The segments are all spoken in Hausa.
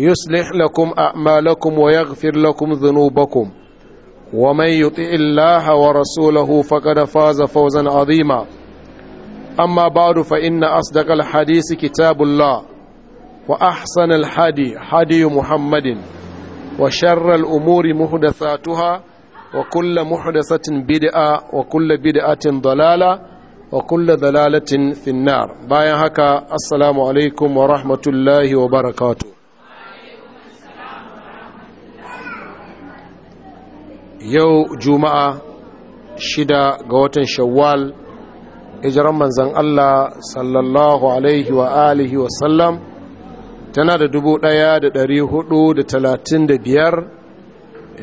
يصلح لكم أعمالكم ويغفر لكم ذنوبكم ومن يطع الله ورسوله فقد فاز فوزا عظيما أما بعد فإن أصدق الحديث كتاب الله وأحسن الحدي حدي محمد وشر الأمور محدثاتها وكل محدثة بدعة وكل بدعة ضلالة وكل ضلالة في النار بايا هكا السلام عليكم ورحمة الله وبركاته yau juma'a shida ga watan shawwal ijiran manzan Allah sallallahu alaihi wa alihi wa sallam tana da dubu ɗaya da dari hudu da talatin da biyar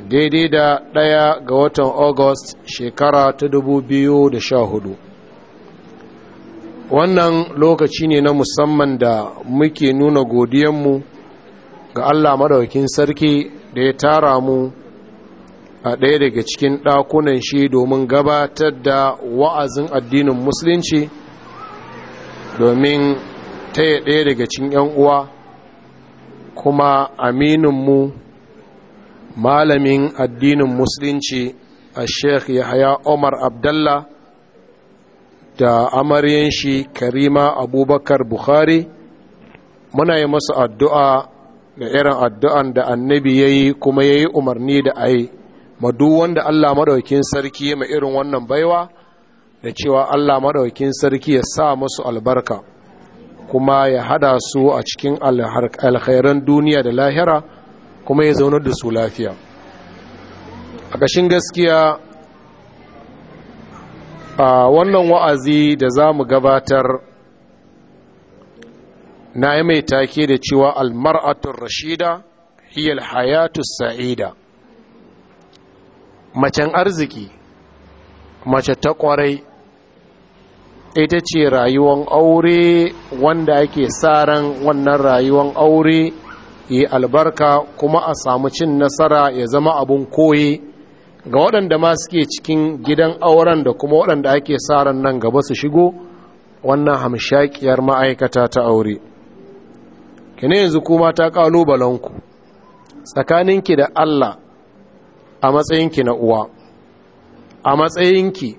daidai da ɗaya ga watan august shekara ta dubu biyu da sha hudu wannan lokaci ne na musamman da muke nuna godiyanmu ga Allah madaukin sarki da ya tara mu a ɗaya daga cikin ɗakunan shi domin gabatar da wa'azin addinin musulunci domin taya ɗaya daga cikin 'yan uwa kuma amininmu malamin addinin musulunci a sheikh yahaya omar abdallah da amaryan shi karima abubakar bukhari muna yi masa addu'a da irin addu'an da annabi ya yi kuma ya yi umarni da a ma duk wanda Allah madaukakin sarki ya mai irin wannan baiwa da cewa Allah madaukakin sarki ya sa musu albarka kuma ya hada su a cikin alkhairan duniya da lahira kuma ya zaunar da su lafiya a ƙashin gaskiya a wannan wa'azi da za mu gabatar na yi mai take da cewa almar'atun rashida hiyar hayatu sa'ida macen arziki mace ta kwarai ita ce rayuwan aure wanda ake ran wannan rayuwan aure yi albarka kuma a samu cin nasara ya zama abun koyi ga waɗanda ma suke cikin gidan auren da kuma waɗanda ake ran nan gaba su shigo wannan hamshakiyar ma'aikata ta aure kine yanzu kuma ta ƙalubalanku tsakaninki da allah a matsayinki na uwa a matsayinki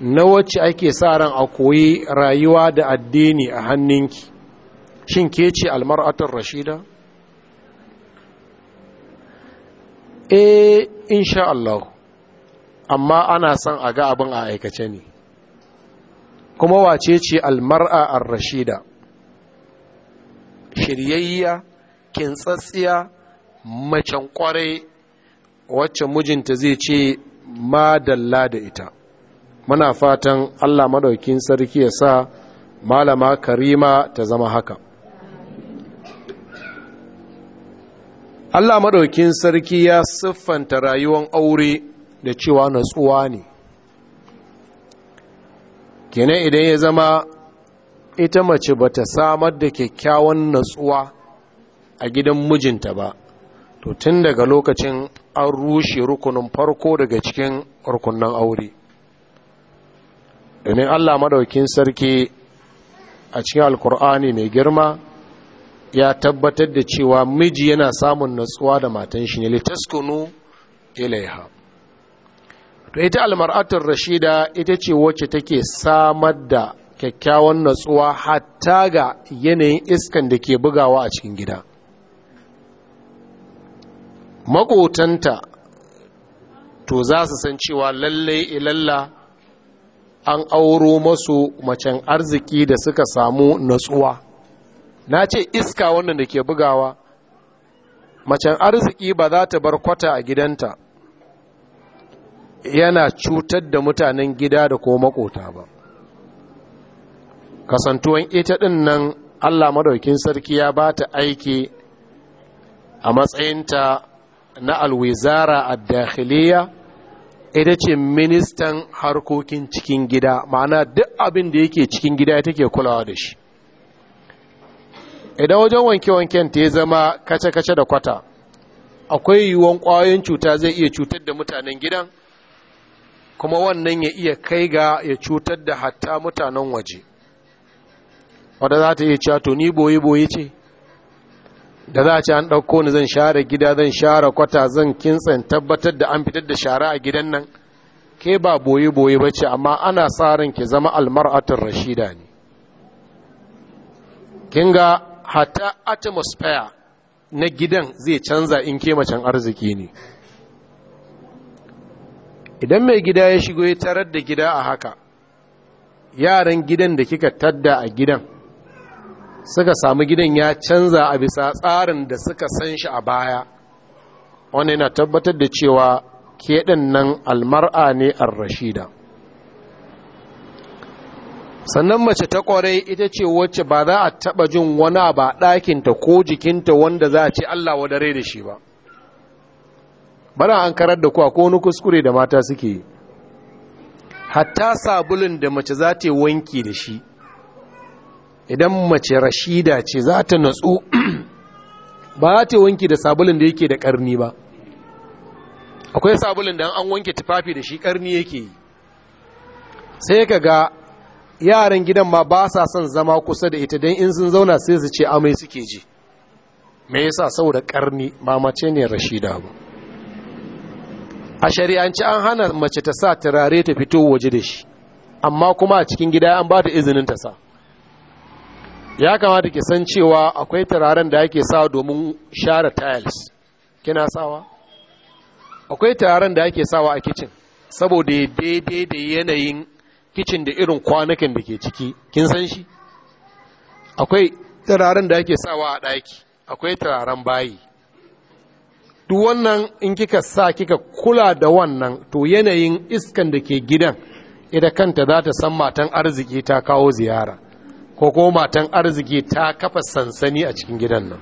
na wacce ake sa ran a koyi rayuwa da addini a hannunki shin ke ce almar'atar rashida eh insha Allah amma ana son a ga abin a aikace ne kuma wace ce almar'a rashida shiryayya kintsatsiya macen kwarai wacce mijinta zai ce ma dalla da ita muna fatan allah maɗaukin sarki ya sa malama karima ta zama haka allah maɗaukin sarki ya siffanta rayuwar aure da cewa natsuwa ne kenan idan ya zama ita mace ba ta samar da kyakkyawan natsuwa a gidan mijinta ba to tun daga lokacin an rushe rukunin farko daga cikin rukunan aure domin allah madaukin sarki a cikin alkur'ani mai girma ya tabbatar da cewa miji yana samun natsuwa da matan shi ne litaskunu ilaiha to ita almar'atar rashida ita ce wacce take samar da kyakkyawan natsuwa hatta ga yanayin iskan da ke bugawa a cikin gida makotanta to za su san cewa lallai ilalla an auro masu macen arziki da suka samu natsuwa na ce iska wannan da ke bugawa macen arziki ba za ta bar kwata a gidanta yana cutar da mutanen gida da ko makota ba kasantuwan ita ɗin nan allah madaukin sarki ya ba ta aiki a matsayinta na alwizara a dakhiliya ita ce ministan harkokin cikin gida ma'ana duk abin da yake cikin gida ya ke kulawa da shi idan wajen wanke-wanken ta ya zama kace-kace da kwata akwai yiwuwan ƙwayoyin cuta zai iya cutar da mutanen gidan kuma wannan ya iya kai ga ya cutar da hatta mutanen waje wadda za ta iya cato ni boye-boye ce da za a ce an ɗauko ni zan share gida zan share kwata zan kintsan tabbatar da an fitar da shara a gidan nan ke ba boye-boye ba ce amma ana sa ran ke zama almar'atun rashida ne kin ga hata atmosphere na gidan zai canza in ke macen arziki ne idan mai gida ya shigo ya tarar da gida a haka yaran gidan da kika tadda a gidan suka samu gidan ya canza a bisa tsarin da suka san shi a baya wani na tabbatar da cewa keɗin nan almar'a ne ar-rashida sannan mace ta ƙwarai ita ce wacce ba za a taɓa jin wani ba ɗakinta ko jikinta wanda za a ce Allah wadare da shi ba bana an karar da kuwa ko wani kuskure da mata suke hatta sabulun da mace za ta wanki da shi idan mace rashida ce za ta natsu ba ta wanki da sabulun da yake da karni ba akwai sabulun da an wanke tufafi da shi karni yake yi sai ka ga yaran gidan ma ba sa son zama kusa da ita don in sun zauna sai su ce amai suke ji me yasa da karni ba mace ne rashida ba a shari'anci an hana mace ta sa turare ta fito waje da shi amma kuma a cikin gida an ba ta izinin ta sa ya kamata ki san cewa akwai turaren da ake sawa domin share tiles kina sawa akwai turaren da ake sawa a kicin saboda daidai da yanayin kicin da irin kwanakin da ke ciki kin san shi akwai turaren da ake sawa a ɗaki akwai turaren bayi duk wannan in kika sa kika kula da wannan to yanayin iskan da ke gidan idan kanta za ta san matan arziki ta kawo ziyara ko ko matan arziki ta kafa sansani a cikin gidan nan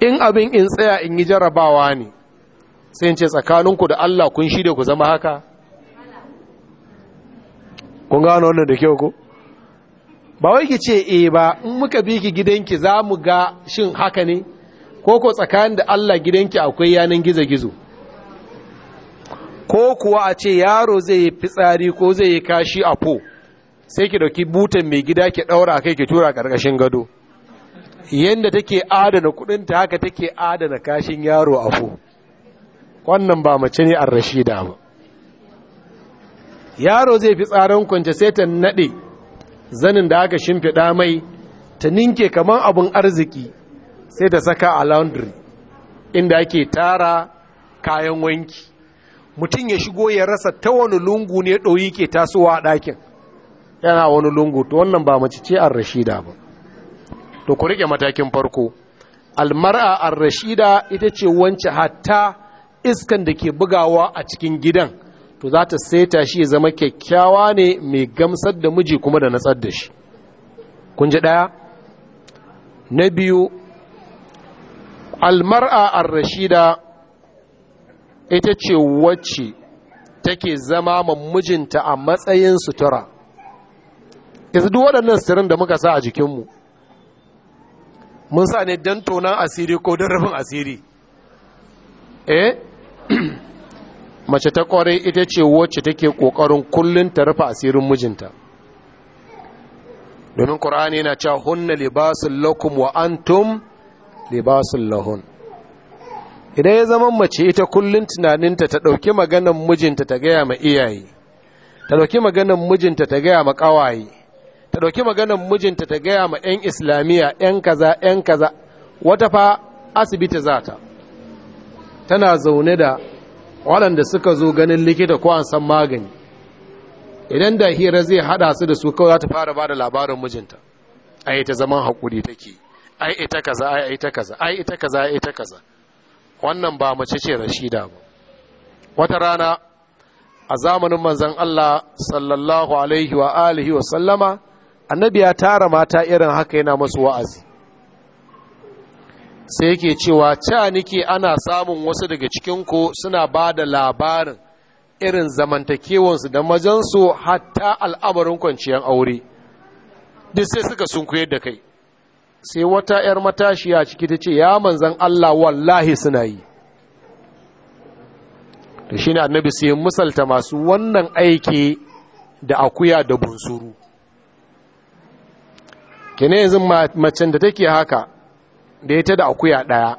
in abin in tsaya in yi jarabawa ne sai in ce tsakaninku da Allah kun shi da ku zama haka kun gano wannan da kyau ko ba wai ki ce eh ba in muka bi ki gidanki za mu ga shin haka ne ko ko tsakanin da Allah gidanki akwai yanan gizo-gizo ko kuwa a ce yaro zai yi fitsari ko zai yi kashi a po sai ki dauki butan mai gida ki daura kai ki tura karkashin gado yanda take adana kudin ta haka take adana kashin yaro afu wannan ba mace ne ar rashida ba yaro zai fi tsaron kwance sai ta nade zanin da aka shimfiɗa mai ta ninke kaman abun arziki sai ta saka a laundry inda ake tara kayan wanki mutum ya shigo ya rasa ta wani lungu ne ɗoyi ke tasowa a ɗakin yana wani lungu to wannan ba mace ce an rashida ba to ku rike matakin farko almar'a an rashida ita ce wance hatta iskan da ke bugawa a cikin gidan to za ta saita shi ya zama kyakkyawa ne mai gamsar da miji kuma da natsar da shi kun ji daya na biyu almar'a an rashida ita ce wacce take zama ma mijinta a matsayin sutura yanzu duk waɗannan sirrin da muka sa a jikinmu mun sa ne don tonan asiri ko don rufin asiri eh mace ta kwarai ita ce wacce take ƙoƙarin kullum ta rufe asirin mijinta domin ƙorani na cewa hunna libasun lakum wa antum libasun lahun idan ya zama mace ita kullum tunaninta ta ɗauki maganan mijinta ta gaya ma iyaye ta ɗauki maganan mijinta ta gaya ma ƙawaye ta ɗauki maganar mijinta ta gaya ma 'yan islamiyya 'yan kaza 'yan kaza wata fa asibiti za ta tana zaune da waɗanda suka zo ganin likita ko an san magani idan da hira zai haɗa su da su kawai za ta fara ba da labarin mijinta ai ta zaman haƙuri take ai ita kaza ai ita kaza ai ita kaza ai ita kaza wannan ba mace ce rashida ba wata rana a zamanin manzon Allah sallallahu alaihi wa alihi wa sallama annabi ya tara mata irin haka yana masu wa'azi sai yake cewa ca nike ana samun wasu daga cikinku suna ba da labarin irin zamantakewansu da majansu hatta al'amarin kwanciyar aure duk sai suka sun koyar da kai sai wata 'yar matashiya ciki ta ce ya manzan Allah wallahi suna yi da shi ne annabi sai misalta masu wannan aiki da akuya da bunsuru ne yanzu macen da take haka da ita da akuya ɗaya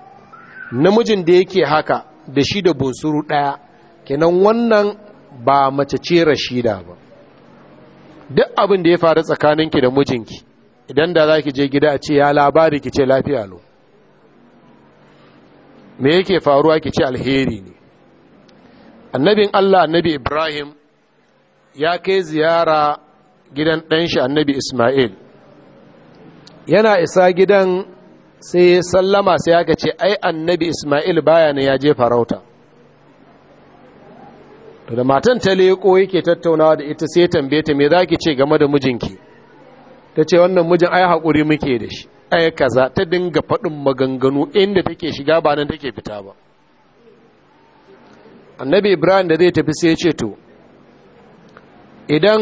namijin da yake haka da shi da bunsuru ɗaya kenan wannan ba mace ce rashida ba duk abin da ya faru tsakaninki da mijinki idan da za ki je gida a ce ya labari ki ce lafiya lo me yake faruwa ki ce alheri ne annabin allah annabi ibrahim ya kai ziyara gidan ɗanshi annabi ismail yana isa gidan sai sallama sai aka ce ai annabi ismail baya ne ya je farauta to da matan ta leko yake tattaunawa da ita sai tambaye ta me zaki ce game da mijinki ta ce wannan mijin ai hakuri muke da shi ai kaza ta dinga faɗin maganganu inda take shiga ba nan take fita ba annabi ibrahim da zai tafi sai ya ce to idan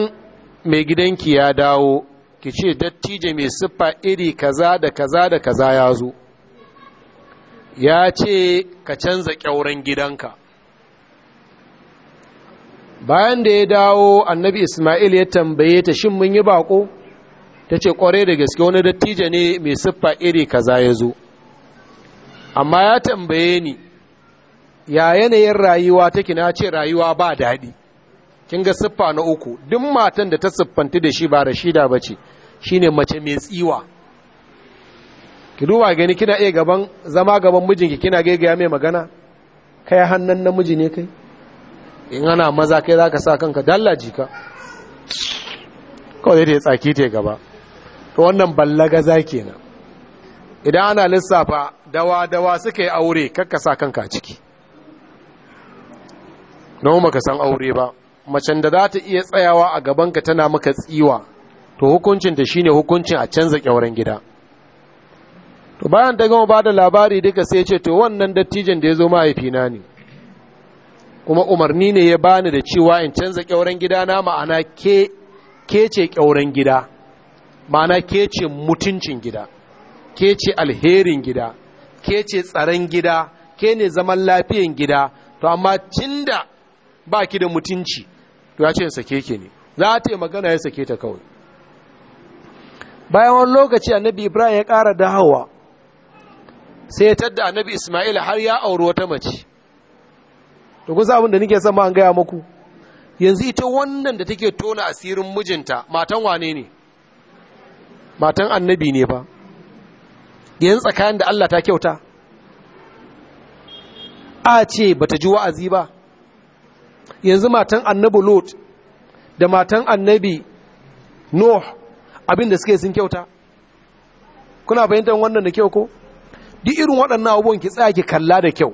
mai gidanki ya dawo ki ce dattije mai siffa iri kaza da kaza da kaza ya zo ya ce ka canza kyauren gidanka bayan da ya dawo annabi ismail ya tambaye ta shin mun yi bako ta ce kware da gaske wani dattijo ne mai siffa iri kaza ya zo amma ya tambaye ni ya yanayin rayuwa take na ce rayuwa ba daɗi kin ga siffa na uku duk matan da ta siffanti da shi ba rashida ba ce ne mace mai tsiwa ki duba gani kina iya gaban zama gaban mijinki kina gaigaya mai magana kai hannun namiji ne kai in ana maza kai za ka sa kanka dallaji ka kawai da ya tsaki ta gaba to wannan ballaga za kenan idan ana lissafa dawa-dawa suka yi aure kakka sa kanka ciki na umar ka san aure ba macen da za ta iya tsayawa a gabanka tana maka tsiwa to hukuncinta shine hukuncin a canza kyauren gida to bayan ta gama bada labari duka sai ce to wannan dattijan da ya zo mahaifina ne kuma umarni ne ya bani da cewa in canza kyauren gida na ma'ana ke ce kyauren gida ma'ana ke ce mutuncin gida ke ce alherin gida ke ce tsaron gida ke ne zaman lafiyan gida to amma cinda ba ki da mutunci ya ce sake ke ne za ta yi magana ya sake ta kawai bayan wani lokaci annabi ibrahim ya ƙara dahawa, sai ya tadda annabi ismail har ya auri wata mace to kusa abin da nake sama an gaya muku yanzu ita wannan da take tona asirin mijinta matan wane ne matan annabi ne ba yanzu tsakanin da Allah ta kyauta a ce ba ta ji wa'azi ba yanzu matan annabi lot da matan annabi Noh abin suke sun kyauta kuna fahimtar wannan da kyau ko duk irin waɗannan abubuwan ki tsaya ki kalla da kyau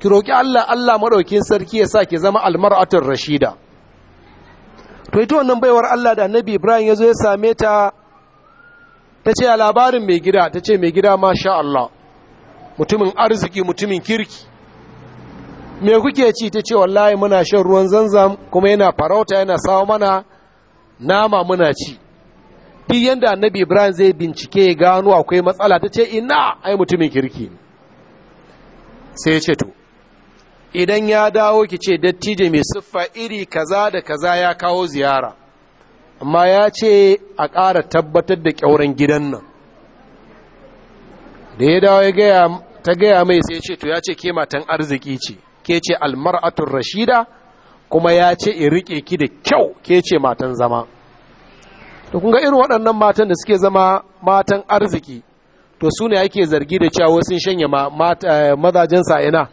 ki roƙi Allah Allah maɗaukin sarki ya sa ki zama almaratar rashida to ita wannan baiwar Allah da Annabi Ibrahim ya zo ya same ta ta ce a labarin mai gida ta ce mai gida masha Allah mutumin arziki mutumin kirki me kuke ci ta ce wallahi muna shan ruwan zanzam kuma yana farauta yana sawo mana nama muna ci duk yanda annabi ibrahim zai bincike ya gano akwai matsala ta ce ina ai mutumin kirki ne sai ya ce to idan ya dawo ki ce dattijo mai siffa iri kaza da kaza ya kawo ziyara amma ya ce a ƙara tabbatar da ƙyauren gidan nan da ya dawo ya ta gaya mai sai ce to ya ce ke arziki ce ke ce almar'atun rashida kuma ya ce in riƙe ki da kyau ke ce matan zama to kun ga irin waɗannan matan da suke zama matan arziki to su ne ake zargi da cewa sun shanye eh, mazajen ina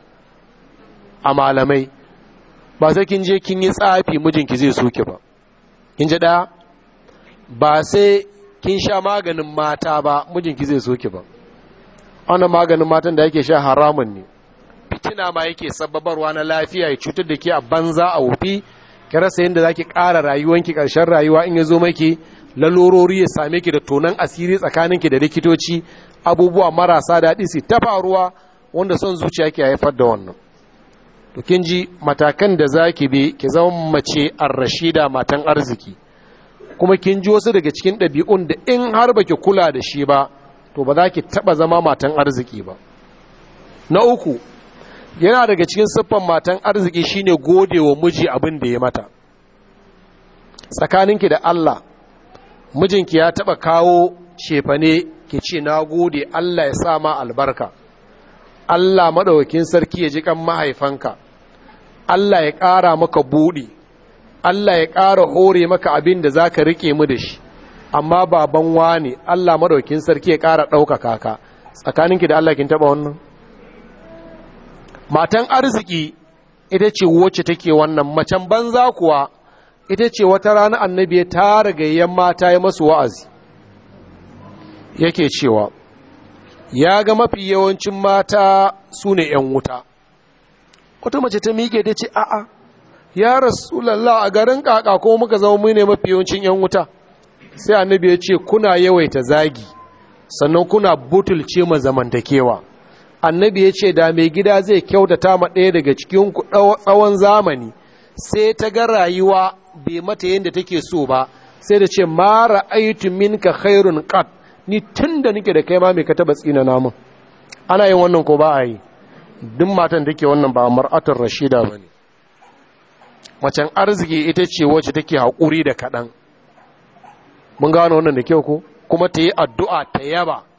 a malamai ba sai kin je kin yi tsafi mijinki zai soke ba kin ji ɗaya ba sai kin sha maganin mata ba mijinki zai soke ba wannan maganin matan da yake sha haramun ne fitina ma yake sababarwa na lafiya ya cutar da ke a banza a wofi kira rasa yadda ki kara rayuwanki karshen rayuwa in ya zo maki lalorori ya same ki da tonan asiri tsakaninki da likitoci abubuwa marasa daɗi su ta faruwa wanda son zuciya ke haifar da wannan to kin ji matakan da zaki bi ki zama mace a rashida matan arziki kuma kin ji wasu daga cikin ɗabi'un da in har ba ki kula da shi ba to ba za ki taɓa zama matan arziki ba na uku yana daga cikin siffan matan arziki shine gode wa miji abin da ya mata tsakaninki da Allah mijinki ya taba kawo cefane ki ce na gode Allah ya sa ma albarka Allah maɗaukin sarki ya ji kan mahaifanka Allah ya ƙara maka buɗi Allah ya ƙara hore maka abin da za ka riƙe mu da shi amma baban wani Allah maɗaukin sarki ya ƙara ɗaukaka ka tsakaninki da Allah kin taɓa wannan matan arziki ita ce wacce take wannan macen banza kuwa ita ce wata rana annabi ya tara mata ya masu wa'azi yake cewa ya ga mafi yawancin mata su ne ‘yan wuta wata mace ta miƙe ta ce a'a ya rasu lalla a garin kaka ko muka zama mu ne mafi yawancin ‘yan wuta sai annabi ya ce kuna yawaita zagi sannan kuna butulce ma zamantakewa annabi ya ce da mai gida zai kyautata ma ɗaya daga cikin tsawon zamani sai ta ga rayuwa bai mata yadda take so ba sai da ce mara ma min ka khairun kat ni tun da nake da kai ma me ka taba tsina namun ana yin wannan ko ba a yi duk matan take wannan ba mar'atar rashida ba ne macen arziki ita ce wacce take haƙuri da kaɗan mun gano wannan da kyau ko kuma ta yi addu'a ta yaba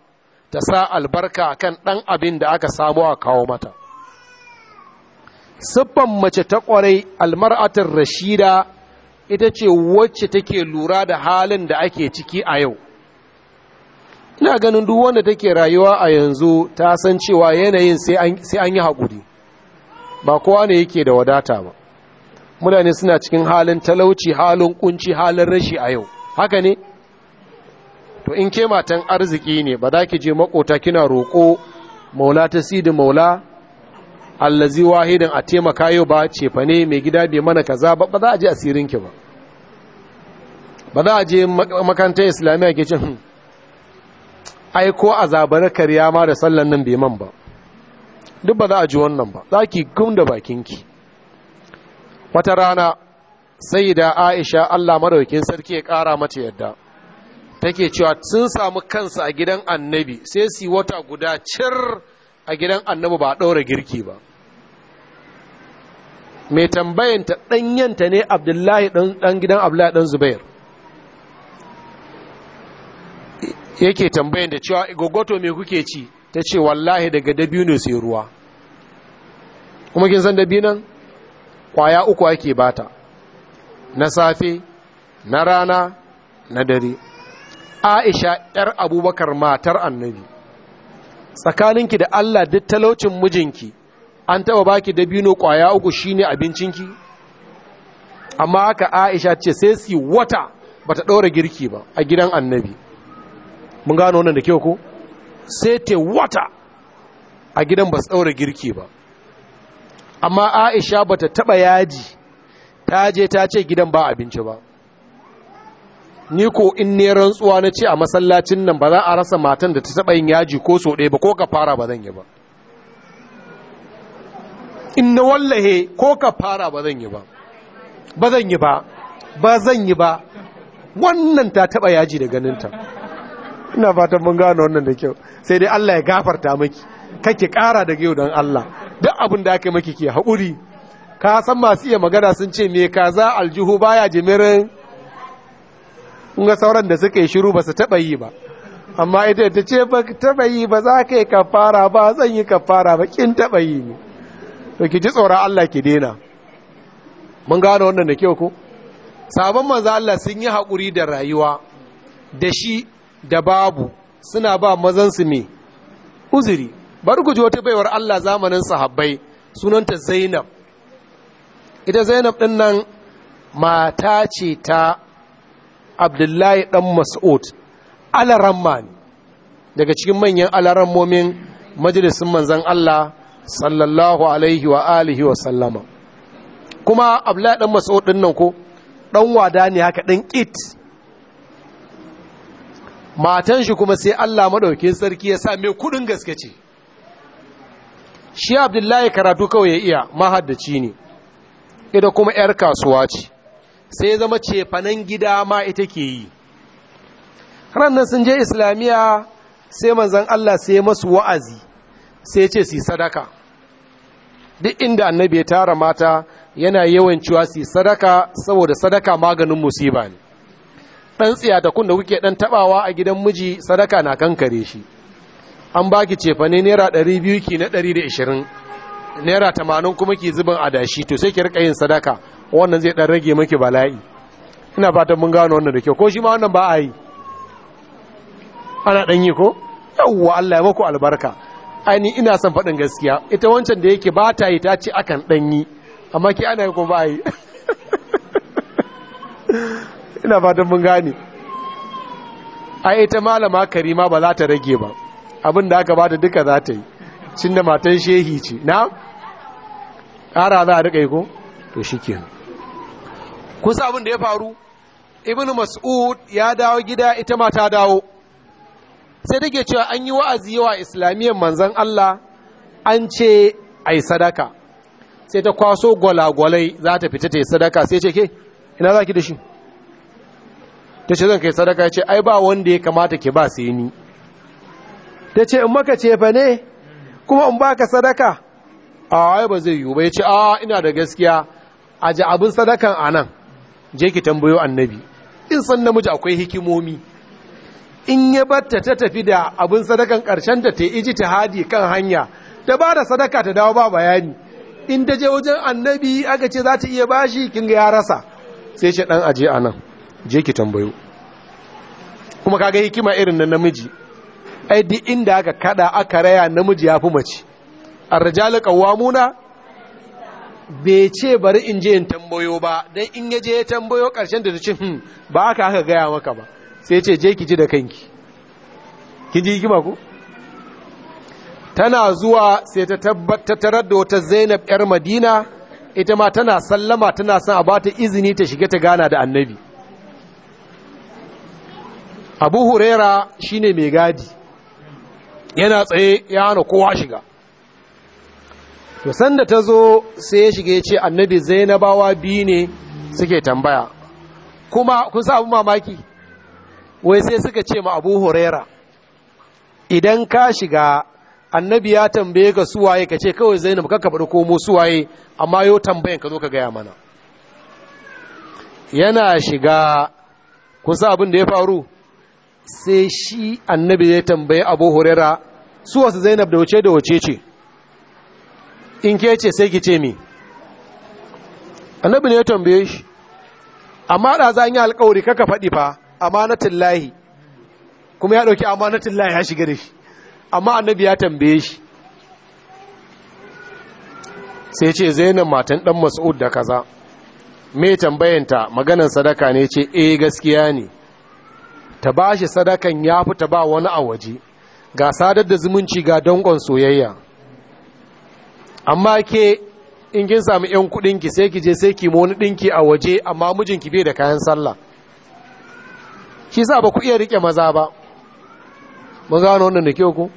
ta sa albarka a kan ɗan abin da aka samu a kawo mata siffan mace ta ƙwarai almar'atar rashida ita ce wacce take lura da halin da ake ciki a yau ina ganin duk wanda take rayuwa a yanzu ta san cewa yanayin sai an yi haƙuri ba kowa ne yake da wadata ba mutane suna cikin halin talauci halin kunci halin rashi a yau haka ne to in ke matan arziki ne ba za ki je makota kina roƙo maula ta sidi maula allazi wahidin a taimaka yau ba cefa ne mai gida bai mana kaza ba ba za a je asirin ki ba ba za a je makarantar islamiyya ke cin hmm, ai a zabar kariya ma da sallan nan bai man ba duk ba za a ji wannan ba za ki da bakinki wata rana sai da aisha allah maraukin sarki ya kara mata yadda take cewa sun samu kansa a gidan annabi sai su wata guda cir a gidan annabi ba a ɗaura girki ba mai tambayanta ɗanyanta ne abdullahi ɗan gidan abdullahi ɗan zubair yake tambayan da cewa gogoto mai kuke ci ta ce wallahi daga dabino sai ruwa kuma kin san dabinan kwaya uku ake bata na safe na rana na dare aisha yar abubakar matar annabi tsakaninki da allah duk talaucin mijinki an taba baki dabino kwaya uku shine abincinki amma haka aisha ce sai su wata bata ɗora girki ba a gidan annabi mun gano wannan da kyau ko sai te wata a gidan ba su ɗaura girki ba amma aisha bata taba yaji ta je ta ce gidan ba abinci ba ni ko in ne rantsuwa na ce a masallacin nan ba za a rasa matan da ta taɓa yin yaji ko so ɗaya ba ko ka fara ba zan yi ba in na wallahe ko ka fara ba zan yi ba ba zan yi ba ba zan yi ba wannan ta taɓa yaji da ganinta ina fatan mun gano wannan da kyau sai dai Allah ya gafarta miki kake ƙara daga yau don Allah duk abin da aka maki ke haƙuri ka san masu iya magana sun ce me kaza aljihu baya jimirin kun ga sauran da suka yi shiru ba su taɓa yi ba amma ita ta ce ba taɓa yi ba za ka yi kafara ba zan yi kafara ba kin taɓa yi ne to ki ji tsoron Allah ki dena mun gane wannan da kyau ko sabon manzo Allah sun yi hakuri da rayuwa da shi da babu suna ba mazan su ne. uzuri bar ku ji wata baiwar Allah zamanin sahabbai sunanta Zainab ita Zainab din nan mata ce ta abdullahi dan mas'ud ne daga cikin manyan alarammomin majalisun manzan Allah sallallahu alaihi wa alihi wa sallama kuma abdullahi dan mas'ud din nan ko dan wada ne haka dan kit matan shi kuma sai Allah madaukin sarki ya sa mai kudin gaske ce shi abdullahi karatu kawai ya iya mahaddaci ne ita kuma 'yar kasuwa ce sai zama cefanen gida ma ita ke yi ranar sun je islamiyya sai manzan Allah sai masu wa'azi sai ce si sadaka duk inda annabi ya tara mata yana yawan cewa si sadaka saboda sadaka maganin musiba ne ɗan tsiyatakun da kuke ɗan tabawa a gidan miji sadaka na kankare shi an baki cefane naira ɗari ki na 120 da ishirin naira tamanin kuma ki zubin adashi to sai ki rika yin sadaka wannan zai dan rage maki bala'i ina fatan mun gano wannan da kyau ko shi ma wannan ba a yi ana dan yi ko yawwa Allah ya muku albarka aini ina son faɗin gaskiya ita wancan da yake ba ta yi ta ce akan dan yi amma ki ana yi ko ba a yi ina fatan mun gane ai ita malama karima ba za ta rage ba abin da aka bata duka za ta yi cin da matan shehi ce na ƙara za a riƙa yi ko to shi kenan kun sa abin da ya faru ibn mas'ud ya dawo gida ita ma ta dawo sai take cewa an yi wa'azi yawa islamiyyar manzon Allah an ce ai sadaka sai ta kwaso gwalagwalai za ta fita ta yi sadaka sai ce ke ina za ki da shi ta ce zan kai sadaka ce ai ba wanda ya kamata ki ba sai ni ta ce in maka ce fa ne kuma in baka sadaka a ai ba zai yiwu ba ya ce a ina da gaskiya a ji abin sadakan a nan je ki tambayo annabi in san namiji akwai hikimomi in ya batta ta tafi da abin sadakan karshen da ta iji ta hadi kan hanya ta ba da sadaka ta dawo ba bayani in ta je wajen annabi aka ce za ta iya bashi kin ga ya rasa sai shi dan aje nan, je ki tambayo kuma kaga hikima irin na namiji ai duk inda aka kada aka raya namiji ya fi mace ar-rijalu qawwamuna bai ce bari in je in tambayo ba dan in yaje ya tambayo karshen da ta ce hmm, ba aka aka gaya maka ba sai ce je ki ji da kanki kin ji kima ko tana zuwa sai ta tabbatar da wata Zainab yar Madina ita ma tana sallama tana son a bata izini ta shiga ta gana da Annabi Abu Huraira shine mai gadi yana tsaye ya hana kowa shiga to sanda ta zo sai ya shige ce annabi zainabawa biyu ne suke tambaya kuma kun sa abu mamaki wai sai suka ce ma abu huraira idan ka shiga annabi ya tambaye ka suwaye ka ce kawai zainab ka bada komo suwaye amma yau tambayan ka zo ka gaya mana yana shiga kun sa abin da ya faru sai shi annabi ya tambaye abu huraira suwasu zainab da wace da wuce ce in ke ce sai ki ce mi annabi ne ya tambaye shi amma da za yi alkawari kaka faɗi fa amanatin lahi kuma ya ɗauki amanatin lahi ya shiga da shi amma annabi ya tambaye shi sai ce zainab matan ɗan mas'ud da kaza mai tambayanta maganan sadaka ne ce eh gaskiya ne ta ba shi sadakan ya fi ta ba wani a waje ga sadar da zumunci ga dangon soyayya amma ke in kin samu yan kudin ki sai ki je sai ki wani dinki a waje amma mijinki bai da kayan sallah shi sa ba ku iya rike maza ba mun gano wannan da ke ku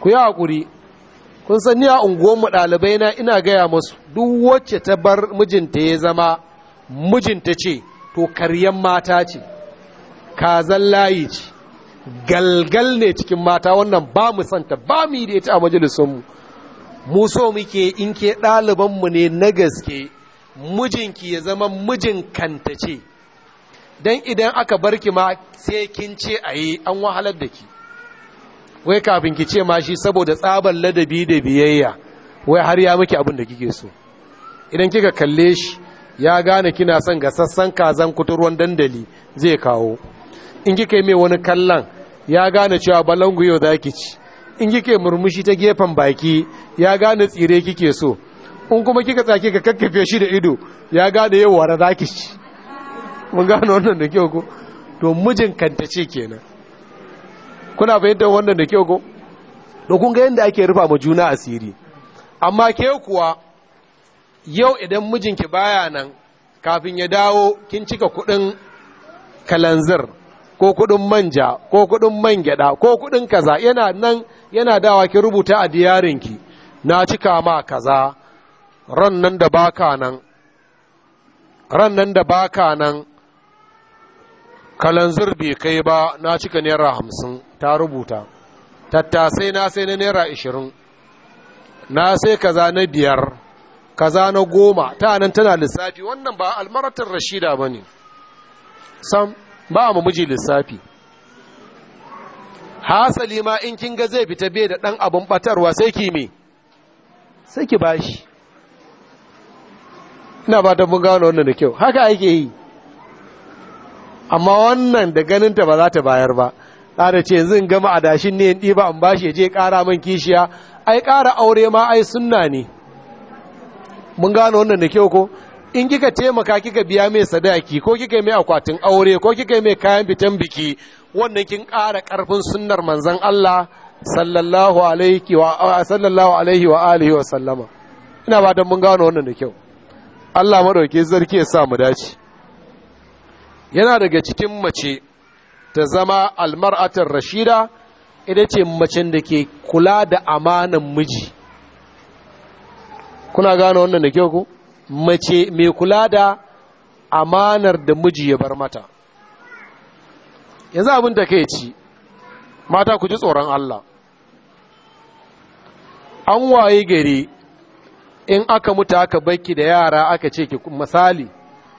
ku yi hakuri kun san ni a unguwanmu ɗalibai na ina gaya masu, duk wacce ta bar mijinta ya zama mijinta ce to karyan mata ce kazan layi ce galgal ne cikin mata wannan ba mu santa ba mu yi da ita a majalisunmu mu so muke in ke ɗalibanmu ne na gaske mijinki ya zama mijin kanta ce don idan aka bar ki ma sai kin ce a yi an wahalar da ki wai kafin ki ce ma shi saboda tsabar ladabi da biyayya wai har ya miki abin da kike so idan kika kalle shi ya gane kina son ga sassan kazan kuturwan dandali zai kawo in kika yi mai wani kallon ya gane cewa balangu yau za ki ci in kike murmushi ta gefen baki ya gane tsire kike so in kuma kika tsake ka kakkafe shi da ido ya gane yau wara zaki ci mun gane wannan da kyau ko to mijin kanta ce kenan kuna fahimtar wannan da kyau ko to kun ga yadda ake rufa ma juna asiri amma ke kuwa yau idan mijinki baya nan kafin ya dawo kin cika kuɗin kalanzir ko kuɗin manja ko kuɗin man gyada, ko kuɗin kaza yana nan yana dawa ki rubuta a diyarinki na cika ma kaza ran nan da baka nan ran nan da baka nan kalanzir bai kai ba na cika naira hamsin ta rubuta tattasai na sai na naira ashirin na sai kaza na biyar kaza na goma ta nan tana lissafi wannan ba almaratar rashida ba ne sam ba mu miji lissafi hasali ma in kin ga zai fita bai da ɗan abun batarwa sai ki me sai ki bashi ina ba da mun gano wannan da kyau haka ake yi amma wannan da ganinta ba za ta bayar ba da ce yanzu in gama adashin ne in ɗiba in bashi ya je ƙara man kishiya ai ƙara aure ma ai sunna ne mun gano wannan da kyau ko in kika taimaka kika biya mai sadaki ko kika mai akwatin aure ko kika mai kayan bitan biki wannan kin ƙara ƙarfin sunnar manzon Allah sallallahu alaihi wa sallallahu alaihi wa alihi wa sallama ina ba dan mun gano wannan da kyau Allah madauke zarki ya sa mu dace yana daga cikin mace ta zama almar'atar rashida ita ce macen da ke kula da amanan miji kuna gano wannan da kyau ko mace mai kula da amanar da miji ya bar mata yanzu abin da kai ci mata ku ji tsoron Allah an waye gari in aka mutu aka baki da yara aka ce ki misali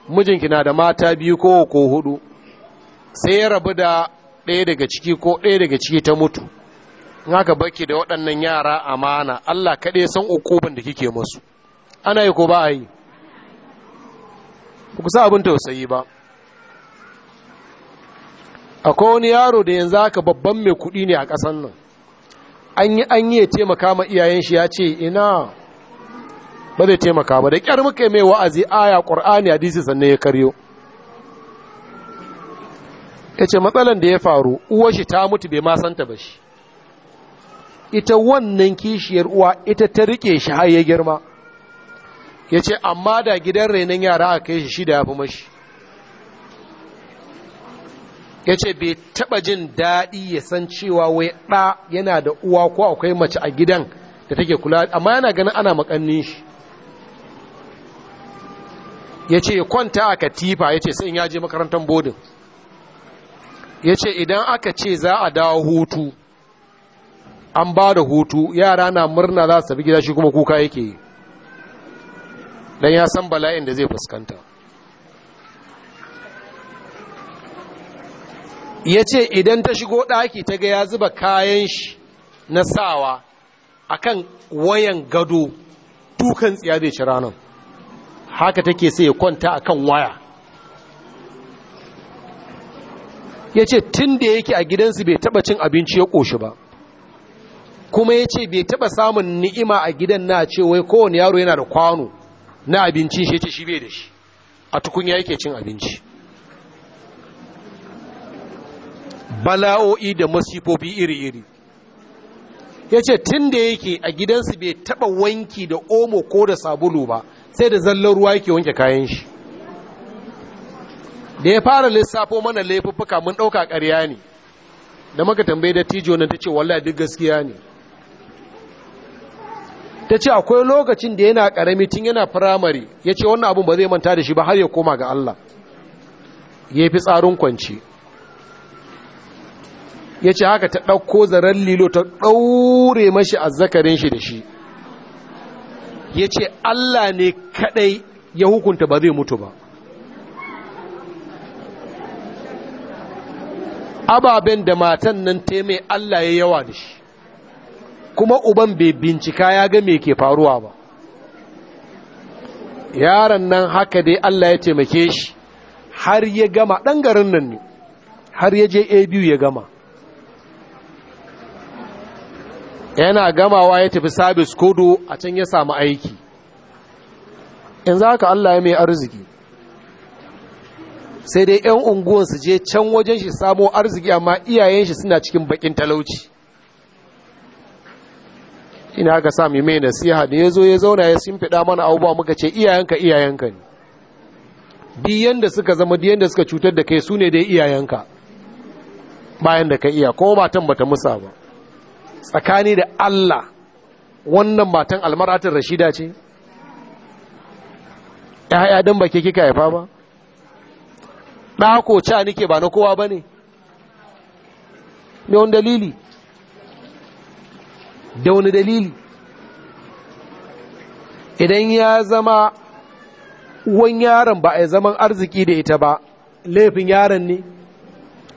mijinki na da mata biyu ko ko hudu sai ya rabu da ɗaya daga ciki ko ɗaya daga ciki ta mutu in aka baki da waɗannan yara amana Allah kaɗai san ukubin da kike musu ana yi ko ba a yi ku sa abin tausayi ba akwai wani yaro da yanzu haka babban mai kuɗi ne a ƙasan nan an yi an yi taimaka ma iyayen shi ya ce ina ba zai taimaka ba da ƙyar muka mai wa'azi aya ƙur'ani hadisi sannan ya karyo ya ce matsalan da ya faru uwar shi ta mutu bai ma santa ba shi ita wannan kishiyar uwa ita ta rike shi har ya girma ya ce amma da gidan renon yara a kai shi shi da ya fi mashi ya ce bai taba jin daɗi ya san cewa wai ɗa yana da uwa ko akwai mace a gidan da take kula amma yana ganin ana makannin shi ya ce kwanta a katifa ya ce sai ya je makarantar bodin ya ce idan aka ce za a dawo hutu an ba da hutu yara na murna za su bi gida shi kuma kuka yake yi Dan ya san bala'in da zai fuskanta ya ce idan ta shigo ɗaki ta ga ya zuba kayan shi na sawa akan wayan gado dukan tsiya zai ci ranar haka take sai ya kwanta a kan waya ya ce tun da yake a gidansu bai taba cin abinci ya ƙoshi ba kuma ya ce bai taba samun ni'ima a gidan na ce wai kowane yaro yana da kwano na abincin shi ce shi bai da shi a tukunya yake cin abinci bala'o'i da masifofi iri-iri ya ce tun da yake a gidansu bai taba wanki da omo ko da sabulu ba sai da zallon ruwa yake wanke kayan shi da ya fara lissafo mana laifuffuka mun ɗauka karya ne da maka tambaye da tijo na ta ce wallahi duk gaskiya ne ta ce akwai lokacin da yana ƙarami tun yana firamare ya ce wannan abin ba zai manta da shi ba har ya koma ga Allah ya fi tsarin kwanci ya ce haka ta ɗauko zaren lilo ta ɗaure mashi Zakarin shi da shi ya ce Allah ne kaɗai ya hukunta ba zai mutu ba ababen da matan nan ta Allah ya yawa da shi kuma uban bai bincika ya ga me ke faruwa ba yaron nan haka dai Allah ya taimake shi har ya gama ɗan garin nan ne har ya je ABU ya gama yana gamawa ya tafi sabis kodo a can ya samu aiki in za ka Allah ya mai arziki sai dai 'yan unguwan su je can wajen shi samo arziki amma iyayen shi suna cikin bakin talauci ina aka sa mai mai nasiha da ya zo ya zauna ya sun fiɗa mana abubuwa muka ce iyayenka iyayenka ne biyan da suka zama biyan da suka cutar da kai su ne dai iyayenka bayan da ka iya ko matan bata musa ba tsakani da Allah wannan matan almaratin rashida ce ‘ya'ya don ba kika haifa ba ɗako ca nike ba na kowa ba ne ne wani dalili da wani dalili idan ya zama uwan yaron ba a zaman arziki da ita ba laifin yaron ne